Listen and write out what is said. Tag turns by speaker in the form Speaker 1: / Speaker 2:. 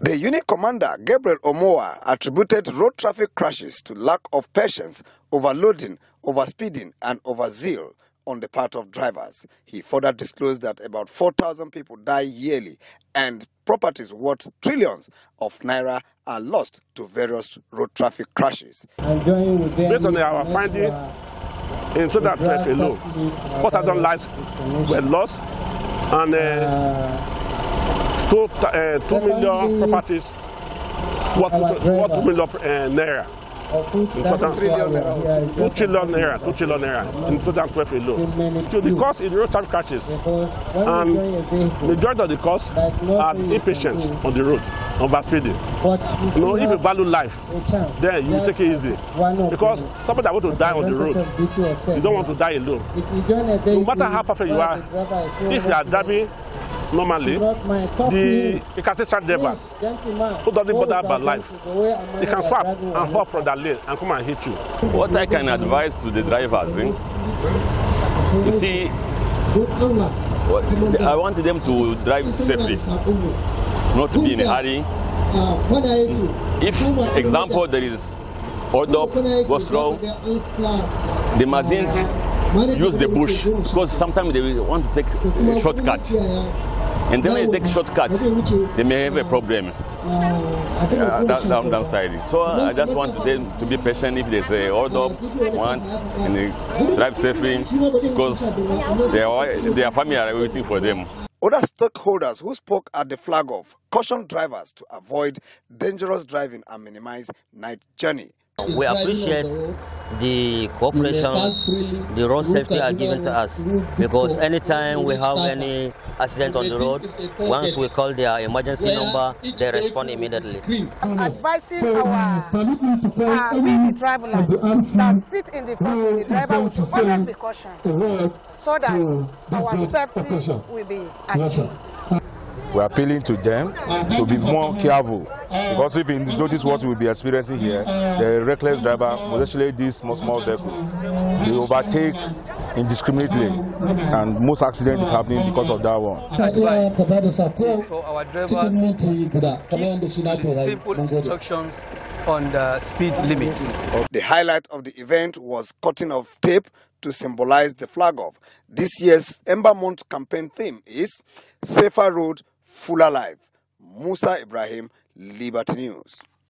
Speaker 1: The unit commander, Gabriel Omoa, attributed road traffic crashes to lack of patience, overloading, overspeeding, and overzeal on the part of drivers. He further disclosed that about 4,000 people die yearly and properties worth trillions of naira are lost to various road traffic crashes.
Speaker 2: Based on our finding
Speaker 3: in Southern Traffic alone,
Speaker 2: 4,000 lives
Speaker 3: were lost and uh, uh Eh, two, uh, two million properties
Speaker 2: worth two million
Speaker 3: uh, naira. In 2000, two trillion naira, two trillion naira in 2012 alone. So the cause is real time crashes, and majority of the cost are impatient on the road, overspeeding. You know, if you value life, then you take it easy. Because somebody that want to die on the road, you don't want to die alone. No matter how perfect you are, if you are driving normally, the, you can see truck drivers
Speaker 2: who doesn't bother about life. You can swap and hop
Speaker 3: from that lane and come and hit you.
Speaker 2: What I can advise to the drivers, eh? you see, I want them to drive safely, not to be in a hurry. If, example, there is hold up, wrong, slow, they use the bush because sometimes they want to take uh, shortcuts and then when they take shortcuts, they may have a problem
Speaker 1: uh, down, down,
Speaker 2: downside. So uh, I just want them to be patient if they say, hold up, want, and they drive safely because their, their family are waiting for them.
Speaker 1: Other stakeholders who spoke at the flag off cautioned drivers to avoid dangerous driving and minimize night journey. We appreciate
Speaker 2: the cooperation the road safety are given to us because anytime
Speaker 1: we have any accident on the road, once we call their emergency number, they respond immediately. Advising our uh, travelers uh, that sit in the front of the driver with should precautions so that our safety
Speaker 2: will be achieved. we are appealing to them to be more
Speaker 3: careful uh, because if you notice what we'll be experiencing here, uh, the reckless driver, especially these small, small vehicles, they overtake indiscriminately uh, and most accidents is happening because of that one.
Speaker 1: simple instructions on the speed limit. The highlight of the event was cutting of tape to symbolize the flag off. This year's Ember Month campaign theme is Safer Road Fuller Life. Musa Ibrahim, Liberty News.